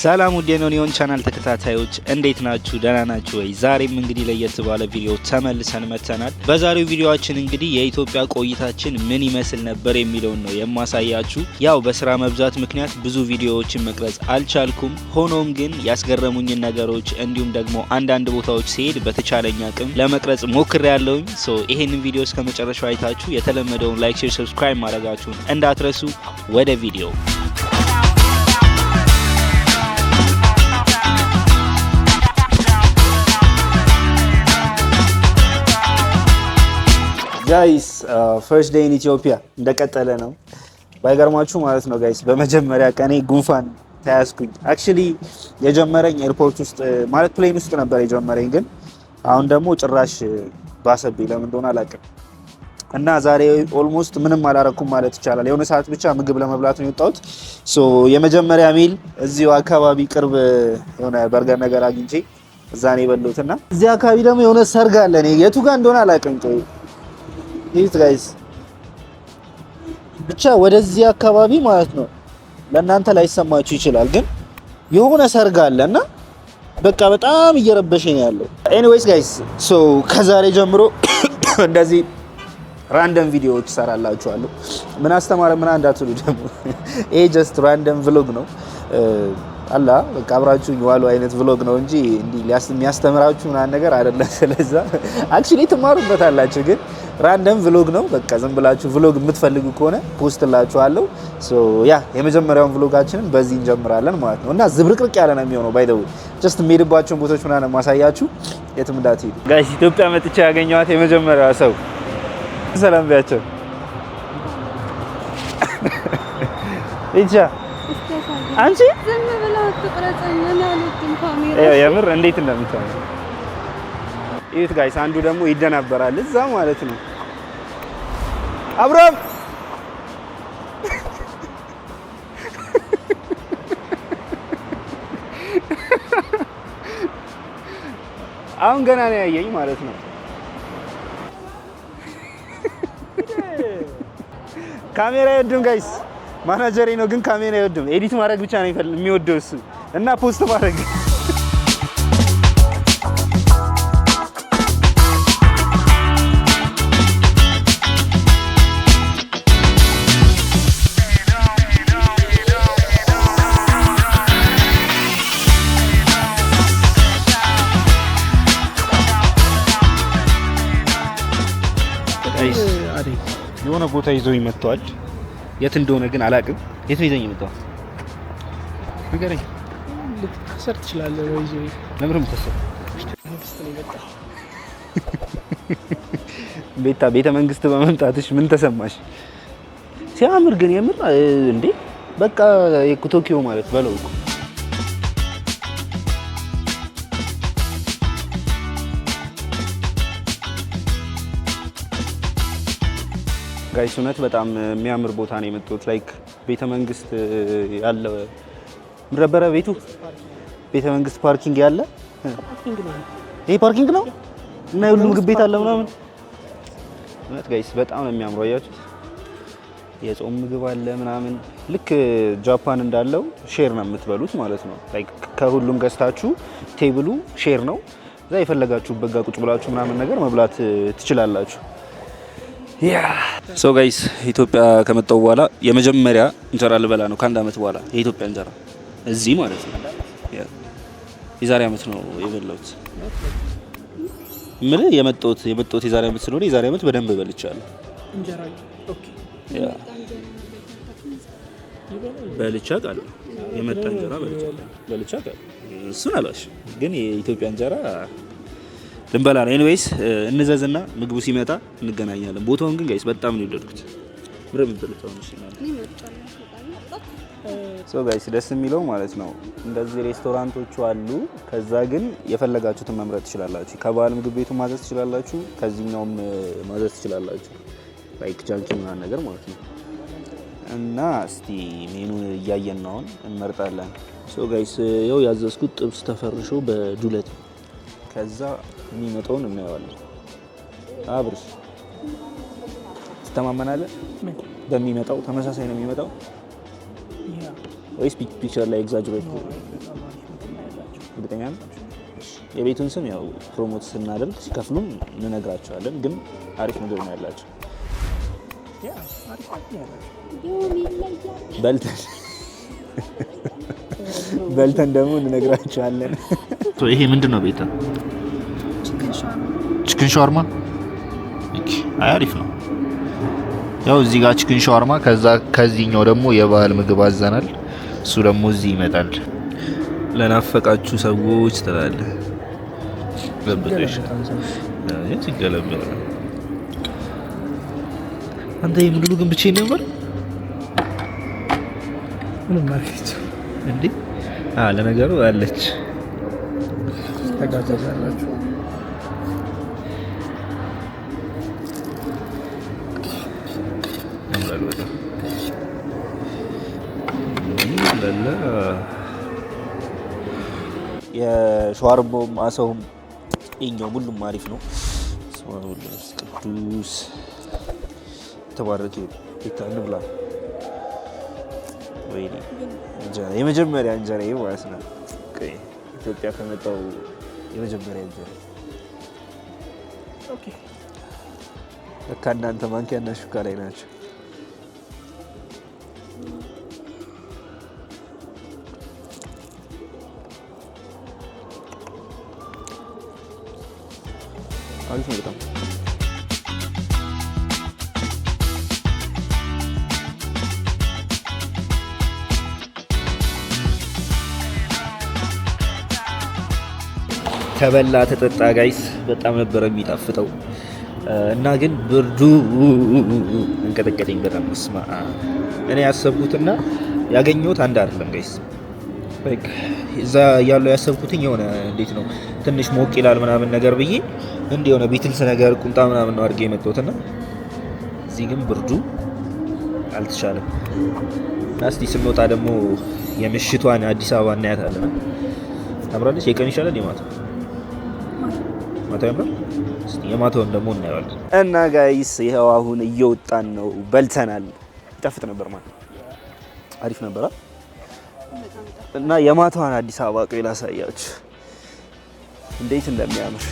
ሰላም ውድ የኖኒዮን ቻናል ተከታታዮች እንዴት ናችሁ? ደህና ናችሁ ወይ? ዛሬም እንግዲህ ለየት ባለ ቪዲዮ ተመልሰን መጥተናል። በዛሬው ቪዲዮችን እንግዲህ የኢትዮጵያ ቆይታችን ምን ይመስል ነበር የሚለውን ነው የማሳያችሁ። ያው በስራ መብዛት ምክንያት ብዙ ቪዲዮዎችን መቅረጽ አልቻልኩም። ሆኖም ግን ያስገረሙኝን ነገሮች እንዲሁም ደግሞ አንዳንድ ቦታዎች ሲሄድ በተቻለኝ አቅም ለመቅረጽ ሞክር ያለውኝ። ሶ ይሄንን ቪዲዮ እስከ መጨረሻው አይታችሁ የተለመደውን ላይክ፣ ሼር፣ ሰብስክራይብ ማድረጋችሁን እንዳትረሱ። ወደ ቪዲዮ ጋይስ ፈርስት ዴይ ኢን ኢትዮጵያ እንደቀጠለ ነው። ባይገርማችሁ ማለት ነው ጋይስ፣ በመጀመሪያ ቀኔ ጉንፋን ተያዝኩኝ። አክቹሊ የጀመረኝ ኤርፖርት ውስጥ ማለት ፕሌን ውስጥ ነበር የጀመረኝ፣ ግን አሁን ደግሞ ጭራሽ ባሰብኝ። ለምን እንደሆነ አላውቅም። እና ዛሬ ኦልሞስት ምንም አላረኩም ማለት ይቻላል። የሆነ ሰዓት ብቻ ምግብ ለመብላት ነው የወጣሁት። ሶ የመጀመሪያ ሚል እዚሁ አካባቢ ቅርብ የሆነ በርገር ነገር አግኝቼ እዛ ነው የበላሁት። እና እዚህ አካባቢ ደግሞ የሆነ ሰርግ አለ። እኔ የቱ ጋር እንደሆነ አላውቅም። ቆይ ይት ጋይስ ብቻ ወደዚህ አካባቢ ማለት ነው ለእናንተ ላይሰማችሁ ይችላል፣ ግን የሆነ ሰርግ አለ እና በቃ በጣም እየረበሸኝ ያለው። ኤኒዌይስ ጋይስ ሶ ከዛሬ ጀምሮ እንደዚህ ራንደም ቪዲዮዎች ሰራላችኋለሁ። ምን አስተማረ ምን እንዳትሉ ደግሞ ይሄ ጀስት ራንደም ቭሎግ ነው uh, አላ በቃ አብራችሁ የዋሉ አይነት ቭሎግ ነው እንጂ እንዲህ የሚያስተምራችሁ ምናምን ነገር አይደለም። ስለዛ አክቹሊ ትማሩበታላችሁ ግን ራንደም ቭሎግ ነው። በቃ ዝም ብላችሁ ቭሎግ የምትፈልጉ ከሆነ ፖስት ላችኋለሁ። ሶ ያ የመጀመሪያውን ቭሎጋችንን በዚህ እንጀምራለን ማለት ነው እና ዝብርቅርቅ ያለ ነው የሚሆነው። ባይ ዘ ዌይ ጀስት የሚሄድባቸውን ቦታዎች ምናምን ማሳያችሁ የትም እንዳትሄዱ ጋይስ። ኢትዮጵያ መጥቼ ያገኘኋት የመጀመሪያ ሰው ሰላም ቢያቸው ብቻ አንቺ ዝም የምር እንዴት እንደምታ ይሄት ጋይስ። አንዱ ደግሞ ይደናበራል እዛ ማለት ነው አብርሃም አሁን ገና ነው ያየኝ ማለት ነው። ካሜራ አይወድም ጋይስ፣ ማናጀሬ ነው ግን ካሜራ አይወድም። ኤዲት ማድረግ ብቻ ነው የሚወደው እሱ እና ፖስት ማድረግ የሆነ ቦታ ይዞኝ ይመጣዋል። የት እንደሆነ ግን አላውቅም። የት ነው ይዘኝ የመጣው? ንገረኝ። ልትከሰር ትችላለህ ወይ? ይዞኝ ለምንም የምትከሰር? ቤታ ቤተ መንግስት በመምጣትሽ ምን ተሰማሽ? ሲያምር ግን የምር እንዴ! በቃ ቶኪዮ ማለት በለው እኮ ጋይስ እውነት በጣም የሚያምር ቦታ ነው የመጡት። ላይክ ቤተ መንግስት ያለ ምረበረ ቤቱ ቤተ መንግስት ፓርኪንግ ያለ ይሄ ፓርኪንግ ነው እና የሁሉ ምግብ ቤት አለ ምናምን። እውነት ጋይስ በጣም ነው የሚያምሩ። አያችሁ የጾም ምግብ አለ ምናምን። ልክ ጃፓን እንዳለው ሼር ነው የምትበሉት ማለት ነው። ላይክ ከሁሉም ገዝታችሁ ቴብሉ ሼር ነው። እዛ የፈለጋችሁበት ጋ ቁጭ ብላችሁ ምናምን ነገር መብላት ትችላላችሁ። ሰው ጋይስ ኢትዮጵያ ከመጣው በኋላ የመጀመሪያ እንጀራ ልበላ ነው ከአንድ አመት በኋላ የኢትዮጵያ እንጀራ እዚህ ማለት ነው። የዛሬ አመት ነው የበላሁት። ምን የመጣሁት የመጣሁት የዛሬ አመት ስለሆነ የዛሬ አመት በደንብ በልቻለሁ። የመጣ እንጀራ በልቻ እሱን አላሽ ግን የኢትዮጵያ እንጀራ ልንበላ ነው። ኤኒዌይስ እንዘዝና ምግቡ ሲመጣ እንገናኛለን። ቦታውን ግን ጋይስ በጣም ነው የወደድኩት። ሶ ጋይስ ደስ የሚለው ማለት ነው እንደዚህ ሬስቶራንቶቹ አሉ። ከዛ ግን የፈለጋችሁትን መምረጥ ትችላላችሁ። ከባህል ምግብ ቤቱ ማዘዝ ትችላላችሁ። ከዚህኛውም ማዘዝ ትችላላችሁ። ላይክ ጃንኪ ምናምን ነገር ማለት ነው። እና እስቲ ሜኑን እያየን ነው እንመርጣለን። ሶ ጋይስ ያው ያዘዝኩት ጥብስ ተፈርሾ በዱለት ነው ከዛ የሚመጣውን እናየዋለን። አብርሽ ትተማመናለህ? በሚመጣው ተመሳሳይ ነው የሚመጣው ወይስ ፒክቸር ላይ ኤግዛጅሬት? እርግጠኛ ነው። የቤቱን ስም ያው ፕሮሞት ስናደርግ ሲከፍሉም እንነግራቸዋለን። ግን አሪፍ ምግብ ነው ያላቸው። በልተን ደግሞ እንነግራቸዋለን። ይሄ ምንድን ነው ቤተ ችክን ሻወርማ አሪፍ ነው። ያው እዚህ ጋር ችክን ሻወርማ ከዛ ከዚህኛው ደግሞ የባህል ምግብ አዘናል። እሱ ደግሞ እዚህ ይመጣል። ለናፈቃችሁ ሰዎች ትላለህ ገለበጠ። አንተ የምግቡ ግን ብቻ ነበር ምንም ማርኬት እንዴ? ለነገሩ አለች ተጋዛዛላችሁ አለና የሸዋርማውም አሳውም የኛውም ሁሉም አሪፍ ነው። ስማስ ቅዱስ ተባረክ። ቤታ እንብላ። የመጀመሪያ እንጀራ ማለት ነው። ኢትዮጵያ ከመጣው የመጀመሪያ እንጀራ ለካ እናንተ ማንኪያና ሹካ ላይ ናቸው። 가겠습니다. ተበላ ተጠጣ ጋይስ በጣም ነበረ የሚጣፍጠው እና ግን ብርዱ እንቀጠቀጠኝ በጣም ስማ እኔ ያሰብኩትና ያገኘሁት አንድ አይደለም ጋይስ እዛ ያለው ያሰብኩትኝ የሆነ እንዴት ነው ትንሽ ሞቅ ይላል ምናምን ነገር ብዬ እንዲ የሆነ ቢትልስ ነገር ቁምጣ ምናምን ነው አድርጌ የመጣሁትና እዚህ ግን ብርዱ አልተሻለም። እና እስቲ ስንወጣ ደግሞ የምሽቷን አዲስ አበባ እናያታለን። ታምራለች። የቀን ይሻላል የማታ ማታ የማታውን ደግሞ እናየዋለን። እና ጋይስ ይኸው አሁን እየወጣን ነው። በልተናል። ይጣፍጥ ነበር ማለት አሪፍ ነበራል። እና የማታዋን አዲስ አበባ ቆይ ላሳያችሁ እንዴት እንደሚያምር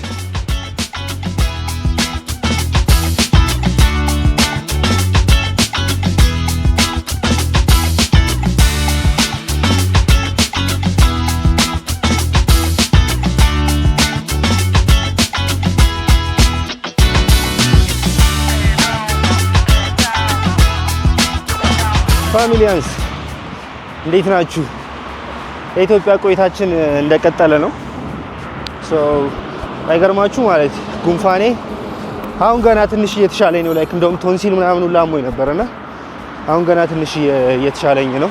ፋሚሊያንስ እንዴት ናችሁ? የኢትዮጵያ ቆይታችን እንደቀጠለ ነው። አይገርማችሁ ማለት ጉንፋኔ አሁን ገና ትንሽ እየተሻለኝ ነው። ላይክ እንደውም ቶንሲል ምናምን ሁላ አሞኝ ነበረና አሁን ገና ትንሽ እየተሻለኝ ነው።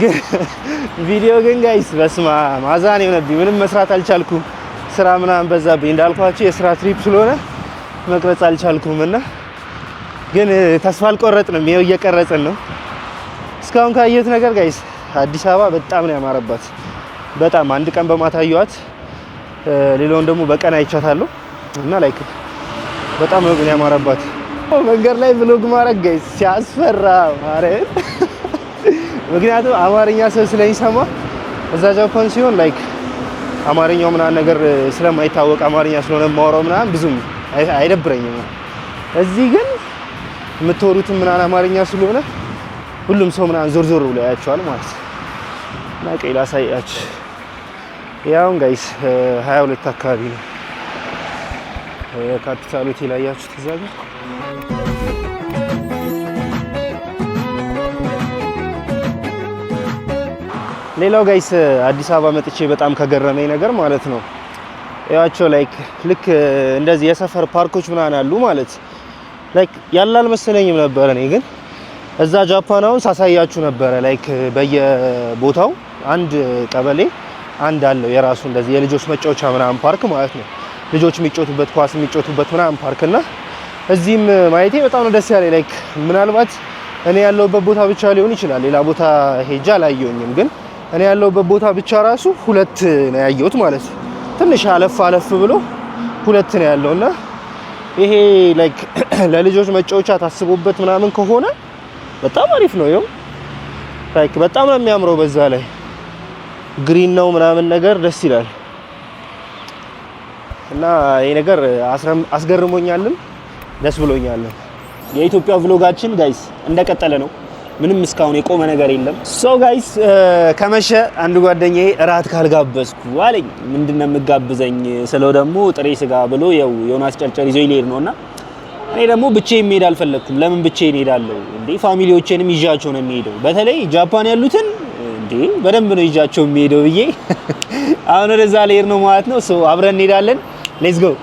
ግን ቪዲዮ ግን ጋይስ በስማ ማዛን የሆነብኝ ምንም መስራት አልቻልኩም። ስራ ምናምን በዛብኝ እንዳልኳችሁ የስራ ትሪፕ ስለሆነ መቅረጽ አልቻልኩም እና ግን ተስፋ አልቆረጥንም። ይኸው እየቀረጽን ነው። እስካሁን ካየሁት ነገር ጋይስ አዲስ አበባ በጣም ነው ያማረባት። በጣም አንድ ቀን በማታ አየኋት፣ ሌላውን ደግሞ በቀን አይቻታለሁ እና ላይክ በጣም ነው ግን ያማረባት። መንገድ ላይ ብሎግ ማድረግ ጋይስ ሲያስፈራ ማረ። ምክንያቱም አማርኛ ሰው ስለሚሰማ እዛ ጃፓን ሲሆን ላይክ አማርኛው ምናምን ነገር ስለማይታወቅ አማርኛ ስለሆነ የማወራው ምናምን ብዙም አይደብረኝም። እዚህ ግን የምትወሩትን ምናምን አማርኛ ስለሆነ ሁሉም ሰው ምናምን ዞር ዞር ብሎ ያያቸዋል ማለት ነው። እና ቀይ ላሳያችሁ። ያውን ጋይስ 22 አካባቢ ነው ካፒታል ሆቴል አያችሁት እዛ ሌላው ጋይስ አዲስ አበባ መጥቼ በጣም ከገረመኝ ነገር ማለት ነው ያቸው ላይክ ልክ እንደዚህ የሰፈር ፓርኮች ምናምን አሉ ማለት ላይክ ያላል መሰለኝም ነበር እኔ ግን እዛ ጃፓን አሁን ሳሳያችሁ ነበረ። ላይክ በየቦታው አንድ ቀበሌ አንድ አለው የራሱ እንደዚህ የልጆች መጫወቻ ምናምን ፓርክ ማለት ነው። ልጆች የሚጫወቱበት ኳስ የሚጫወቱበት ምናምን ፓርክ እና እዚህም ማየቴ በጣም ነው ደስ ያለኝ። ላይክ ምናልባት እኔ ያለሁበት ቦታ ብቻ ሊሆን ይችላል፣ ሌላ ቦታ ሄጄ አላየሁኝም። ግን እኔ ያለሁበት ቦታ ብቻ ራሱ ሁለት ነው ያየሁት ማለት ነው። ትንሽ አለፍ አለፍ ብሎ ሁለት ነው ያለውና ይሄ ላይክ ለልጆች መጫወቻ ታስቦበት ምናምን ከሆነ በጣም አሪፍ ነው። ይኸው ላይክ በጣም ነው የሚያምረው። በዛ ላይ ግሪን ነው ምናምን ነገር ደስ ይላል። እና ይሄ ነገር አስገርሞኛልም ደስ ብሎኛልም። የኢትዮጵያ ቭሎጋችን ጋይስ እንደቀጠለ ነው። ምንም እስካሁን የቆመ ነገር የለም። ሶ ጋይስ ከመሸ አንድ ጓደኛዬ እራት ካልጋበዝኩ አለኝ። ምንድነው የምጋብዘኝ ስለው ደግሞ ጥሬ ስጋ ብሎ ያው ዮናስ ጨርጨር ይዞ ይሄድ ነውና እኔ ደግሞ ብቻ ሄድ አልፈለግኩም። ለምን ብቻ እሄዳለሁ እንዴ? ፋሚሊዎቼንም ይዣቸው ነው የሚሄደው። በተለይ ጃፓን ያሉትን እንዴ በደንብ ነው ይዣቸው የሚሄደው ብዬ አሁን ወደዛ ልሄድ ነው ማለት ነው። አብረን እንሄዳለን። ሌትስ ጎ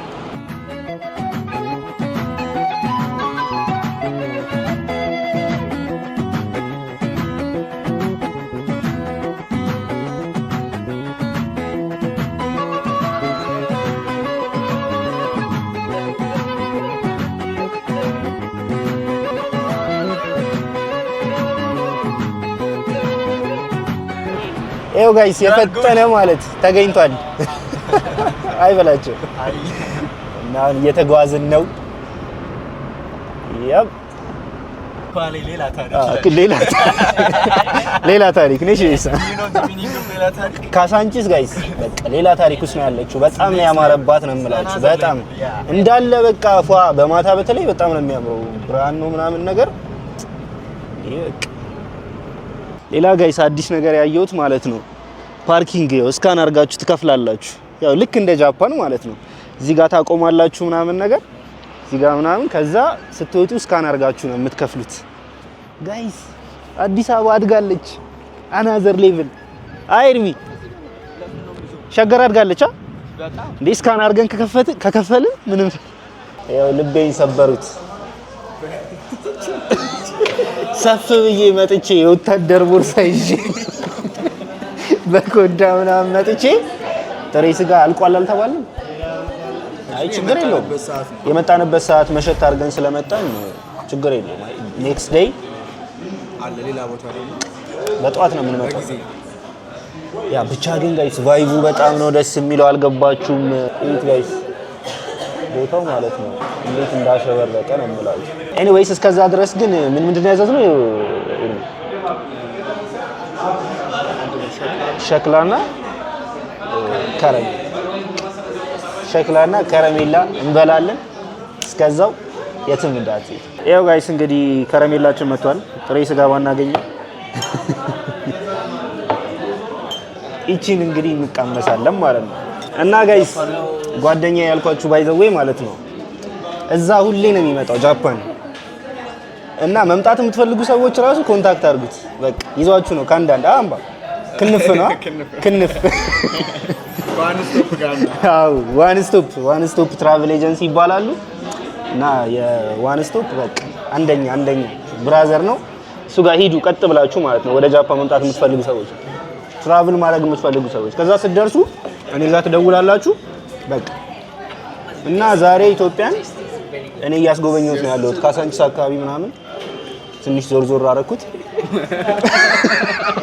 ጋይስ የፈጠነ ማለት ተገኝቷል። አይ በላቸው እና አሁን እየተጓዝን ነው። ያብ ሌላ ታሪክ ነሽ። ካሳንቺስ ጋይስ በቃ ሌላ ታሪክ ውስጥ ነው ያለችው። በጣም ነው ያማረባት ነው የምላችሁ። በጣም እንዳለ በቃ ፏ በማታ በተለይ በጣም ነው የሚያምረው። ብርሃን ነው ምናምን ነገር ሌላ ጋይስ አዲስ ነገር ያየሁት ማለት ነው ፓርኪንግ እስካን አድርጋችሁ ትከፍላላችሁ። ያው ልክ እንደ ጃፓን ማለት ነው። እዚህ ጋር ታቆማላችሁ ምናምን ነገር እዚህ ጋር ምናምን፣ ከዛ ስትወጡ እስካን አድርጋችሁ ነው የምትከፍሉት። ጋይስ አዲስ አበባ አድጋለች። አናዘር ሌቭል አይርቢ ሸገር አድጋለች። እንዴ እስካን አድርገን ከከፈልን ምንም ያው ልቤን ሰበሩት። ሰፍ ብዬ መጥቼ የወታደር ቦርሳ ይዤ በኮዳ ምናምን መጥቼ ጥሬ ስጋ አልቋል አልተባለም። አይ ችግር የለውም። የመጣንበት ሰዓት መሸት አድርገን ስለመጣን ችግር የለውም። ኔክስት ዴይ አለ ሌላ ቦታ በጠዋት ነው የምንመጣው። ያ ብቻ ግን ጋይስ ቫይቡ በጣም ነው ደስ የሚለው። አልገባችሁም? እዩት ጋይስ ቦታው ማለት ነው እንዴት እንዳሸበረቀ ነው የምላችሁ። ኤኒዌይስ እስከዛ ድረስ ግን ምን ምንድን ነው ያዘዝነው ሸክላና ከረሜላ ሸክላና ከረሜላ እንበላለን። እስከዛው የትም እንዳትሄድ። ያው ጋይስ እንግዲህ ከረሜላችን መጥቷል። ጥሬ ስጋ ባናገኘ ይቺን እንግዲህ እንቀመሳለን ማለት ነው። እና ጋይስ ጓደኛ ያልኳችሁ ባይዘዌ ማለት ነው እዛ ሁሌ ነው የሚመጣው ጃፓን እና መምጣት የምትፈልጉ ሰዎች ራሱ ኮንታክት አድርጉት። በቃ ይዟችሁ ነው ከአንዳንድ አምባ ክንፍ ነው ክንፍ ዋን ስቶፕ ዋን ስቶፕ ትራቭል ኤጀንሲ ይባላሉ እና የዋን ስቶፕ በቃ አንደኛ አንደኛ ብራዘር ነው። እሱ ጋር ሂዱ ቀጥ ብላችሁ ማለት ነው። ወደ ጃፓን መምጣት የምትፈልጉ ሰዎች፣ ትራቭል ማድረግ የምትፈልጉ ሰዎች ከዛ ስትደርሱ እኔ ጋር ትደውላላችሁ በቃ እና ዛሬ ኢትዮጵያን እኔ እያስጎበኘሁት ነው ያለሁት። ካሳንቺስ አካባቢ ምናምን ትንሽ ዞር ዞር አደረኩት።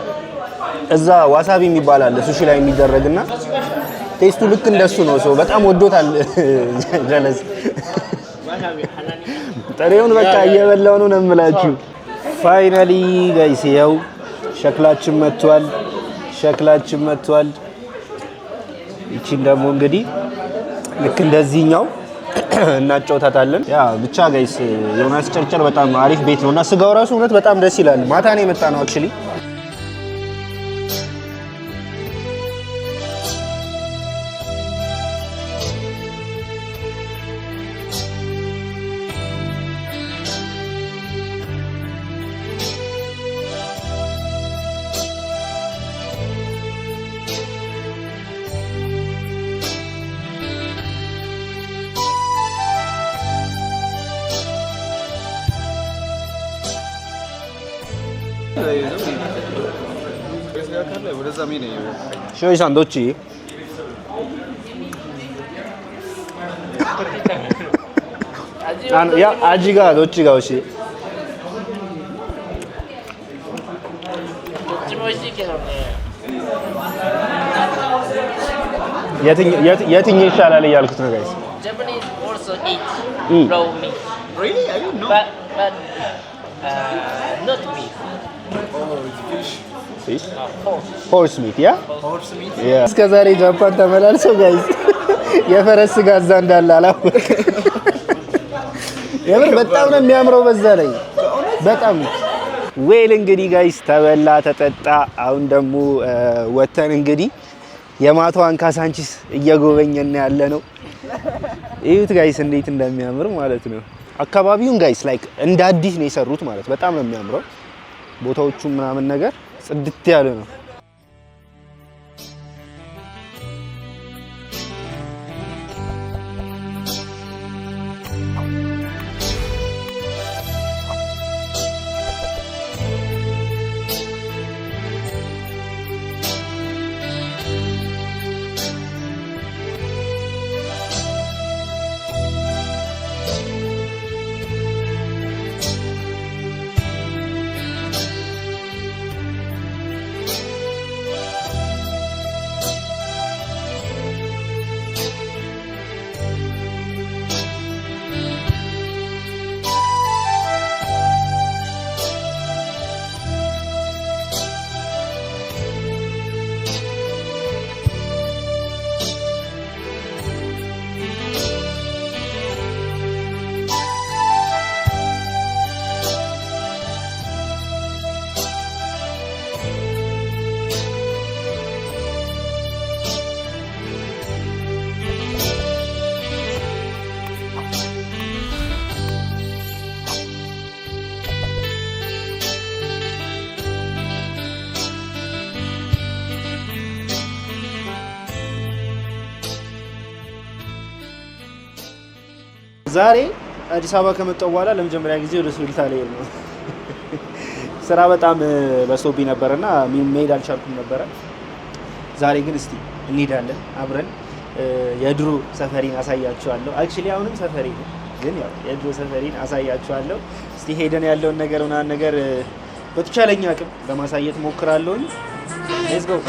እዛ ዋሳቢ የሚባል አለ ሱሺ ላይ የሚደረግና ቴስቱ ልክ እንደሱ ነው። ሰው በጣም ወዶታል። ጀለስ ጥሬውን በቃ እየበላው ነው ነው የምላችሁ። ፋይናሊ ጋይስ ያው ሸክላችን መጥቷል፣ ሸክላችን መጥቷል። ይቺን ደግሞ እንግዲህ ልክ እንደዚህኛው እናጫውታታለን። ያ ብቻ ጋይስ የሆነ ጨርጨር በጣም አሪፍ ቤት ነውና ስጋው ራሱ እውነት በጣም ደስ ይላል። ማታ ነው የመጣ ነው አክቹሊ ሺዎች ሳንዶች あのいや味がどっちが美味しいどっちも美味しいけどね የትኛው ይሻላል እያልኩት ነው ጋይስ። ሆርስ ሚት ያ እስከ ዛሬ ጃፓን ተመላልሰው ጋይዝ የፈረስ ስጋ እዛ እንዳለ አላወቅም። የምር በጣም ነው የሚያምረው። በዛ ላይ በጣም ዌል እንግዲህ ጋይስ ተበላ ተጠጣ። አሁን ደግሞ ወተን እንግዲህ የማታዋን ካሳንቺስ እየጎበኘን ያለ ነው። እዩት ጋይስ እንዴት እንደሚያምር ማለት ነው። አካባቢውን ጋይስ ላይክ እንደ አዲስ ነው የሰሩት ማለት በጣም ነው የሚያምረው። ቦታዎቹ ምናምን ነገር ጽድት ያለ ነው። ዛሬ አዲስ አበባ ከመጣሁ በኋላ ለመጀመሪያ ጊዜ ወደ ሱልታ ላይ ነው። ስራ በጣም በዝቶብኝ ነበርና መሄድ አልቻልኩም ነበረ። ዛሬ ግን እስቲ እንሄዳለን አብረን የድሮ ሰፈሪን አሳያችኋለሁ። አክቹሊ አሁንም ሰፈሪ ነው፣ ግን ያው የድሮ ሰፈሪን አሳያችኋለሁ። እስቲ ሄደን ያለውን ነገር ምናምን ነገር በተቻለኝ አቅም ለማሳየት ሞክራለሁኝ። ሌትስ ጎ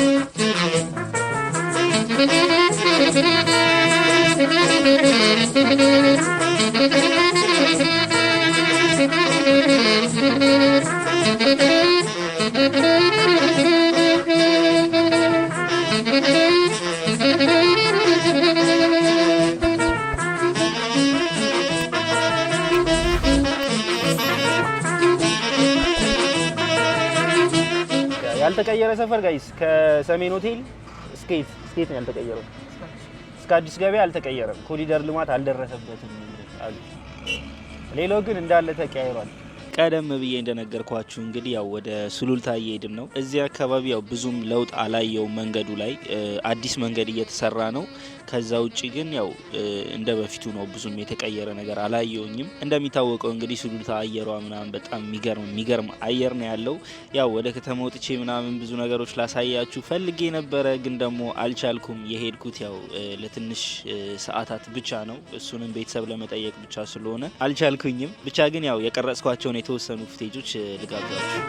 የመቀለ ሰፈር ጋይስ ከሰሜን ሆቴል ስኬት ስኬት ነው ያልተቀየረው። እስከ አዲስ ገበያ አልተቀየረም። ኮሪደር ልማት አልደረሰበትም ሌላው ግን እንዳለ ተቀያይሯል። ቀደም ብዬ እንደነገርኳችሁ እንግዲህ ያው ወደ ሱሉልታ እየሄድን ነው። እዚህ አካባቢ ያው ብዙም ለውጥ አላየው መንገዱ ላይ አዲስ መንገድ እየተሰራ ነው። ከዛ ውጭ ግን ያው እንደ በፊቱ ነው፣ ብዙም የተቀየረ ነገር አላየውኝም። እንደሚታወቀው እንግዲህ ሱሉልታ አየሯ ምናምን በጣም የሚገርም የሚገርም አየር ነው ያለው። ያው ወደ ከተማ ወጥቼ ምናምን ብዙ ነገሮች ላሳያችሁ ፈልጌ ነበረ፣ ግን ደግሞ አልቻልኩም። የሄድኩት ያው ለትንሽ ሰዓታት ብቻ ነው፣ እሱንም ቤተሰብ ለመጠየቅ ብቻ ስለሆነ አልቻልኩኝም። ብቻ ግን ያው የቀረጽኳቸውን የተወሰኑ ፍቴጆች ልጋብዛችሁ።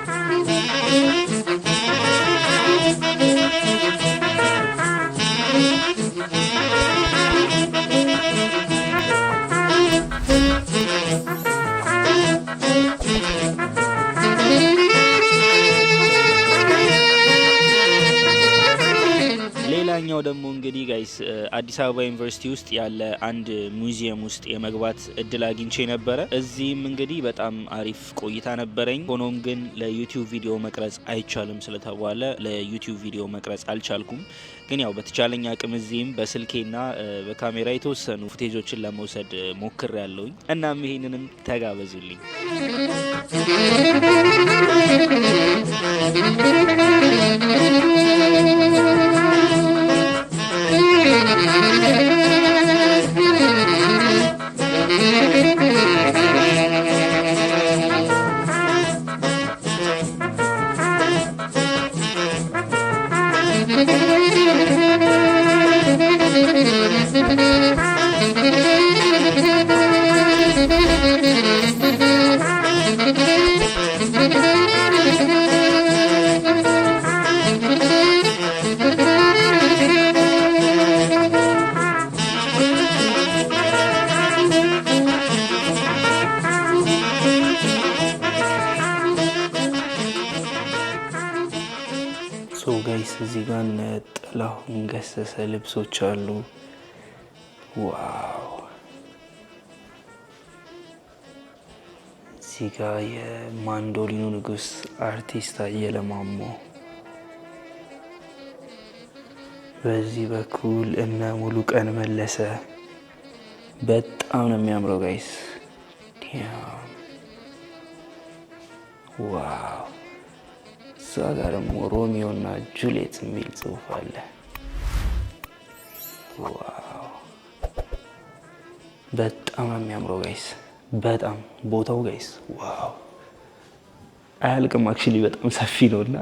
ሌላኛው ደግሞ እንግዲህ ጋይስ አዲስ አበባ ዩኒቨርሲቲ ውስጥ ያለ አንድ ሙዚየም ውስጥ የመግባት እድል አግኝቼ ነበረ። እዚህም እንግዲህ በጣም አሪፍ ቆይታ ነበረኝ። ሆኖም ግን ለዩቲዩብ ቪዲዮ መቅረጽ አይቻልም ስለተባለ ለዩቲዩብ ቪዲዮ መቅረጽ አልቻልኩም። ግን ያው በተቻለኝ አቅም እዚህም በስልኬና በካሜራ የተወሰኑ ፉቴጆችን ለመውሰድ ሞክር ያለውኝ። እናም ይሄንንም ተጋበዙልኝ። Thank Música ሰዎች አሉ። ዋው እዚህ ጋ የማንዶሊኑ ንጉስ አርቲስት አየለ ማሞ፣ በዚህ በኩል እነ ሙሉ ቀን መለሰ። በጣም ነው የሚያምረው ጋይስ። ዋው እዛ ጋ ደግሞ ሮሚዮ እና ጁሌት የሚል ጽሁፍ አለ። በጣም ነው የሚያምረው ጋይስ፣ በጣም ቦታው ጋይስ ዋው፣ አያልቅም። አክቹሊ በጣም ሰፊ ነው እና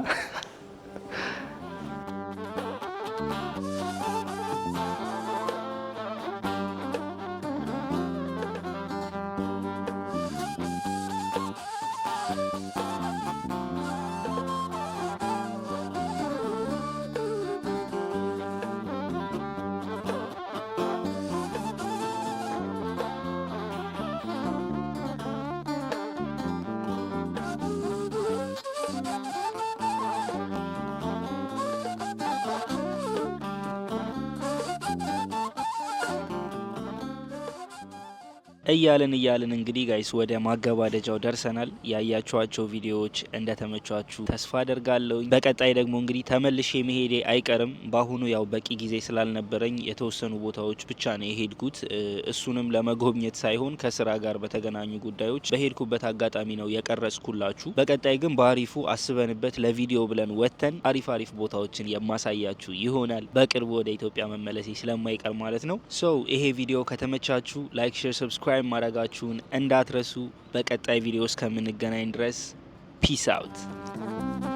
እያልን እያልን እንግዲህ ጋይስ ወደ ማገባደጃው ደርሰናል። ያያችኋቸው ቪዲዮዎች እንደተመቿችሁ ተስፋ አደርጋለሁ። በቀጣይ ደግሞ እንግዲህ ተመልሼ መሄዴ አይቀርም። በአሁኑ ያው በቂ ጊዜ ስላልነበረኝ የተወሰኑ ቦታዎች ብቻ ነው የሄድኩት። እሱንም ለመጎብኘት ሳይሆን ከስራ ጋር በተገናኙ ጉዳዮች በሄድኩበት አጋጣሚ ነው የቀረጽኩላችሁ። በቀጣይ ግን በአሪፉ አስበንበት ለቪዲዮ ብለን ወጥተን አሪፍ አሪፍ ቦታዎችን የማሳያችሁ ይሆናል። በቅርቡ ወደ ኢትዮጵያ መመለሴ ስለማይቀር ማለት ነው። ሰው ይሄ ቪዲዮ ከተመቻችሁ ላይክ፣ ሼር፣ ሰብስክራይብ ማድረጋችሁን እንዳትረሱ። በቀጣይ ቪዲዮ እስከምን እስክንገናኝ ድረስ ፒስ አውት